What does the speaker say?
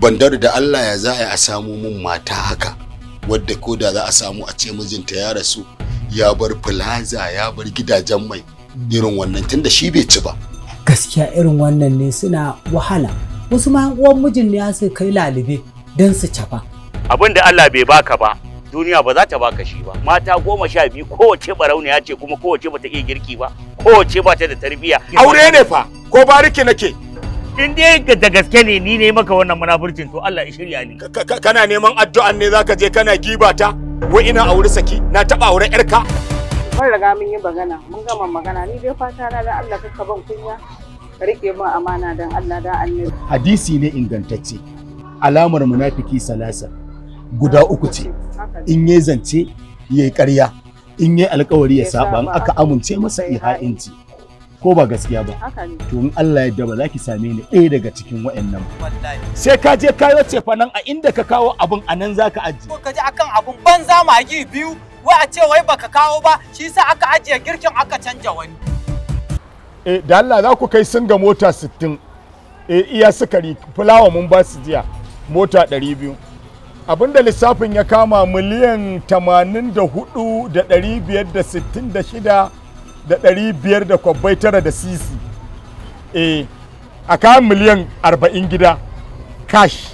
bandar da Allah ya za a samu mun mata haka wadda ko da za a samu a ce mijinta ya rasu ya bar plaza ya bar gidajen mai irin wannan tunda shi bai ci ba gaskiya irin wannan ne suna wahala wasu ma uwan mijin ne ya su kai lalube don su cafa abin da Allah bai baka ba duniya ba za ta baka shi ba mata goma sha biyu kowace barauniya ce kuma kowace bata iya girki ba kowace bata da tarbiyya aure ne fa ko bariki nake in dai da gaske ne ni ne maka wannan munafurcin to Allah ya shirya ni kana neman addu'an ne zaka je kana gibata wai ina wuri saki na taba wurin yarka mun riga mun yi magana mun gama magana ni dai fata na da Allah kaka ban kunya ka rike min amana dan Allah da annabi hadisi ne ingantacce alamar munafiki salasa guda uku ce in ye zance yayi ƙarya in yi alƙawari ya saba aka amince masa iha'inci ko ba gaskiya ba to in Allah ya ba za ki same ni ɗaya daga cikin wa'annan. sai ka je kayo cefa nan a inda ka kawo abun a nan zaka aje. ko ka je akan abun banza magi biyu wai a ce wai baka kawo ba shi yasa aka ajiye girkin aka canja wani eh da Allah za ku kai singa mota 60 eh iya sukari fulawa mun ba su jiya mota 200 abinda lissafin ya kama miliyan 84,566 da ɗari biyar da kwabbai tara da sisi eh, a kayan miliyan arba'in gida cash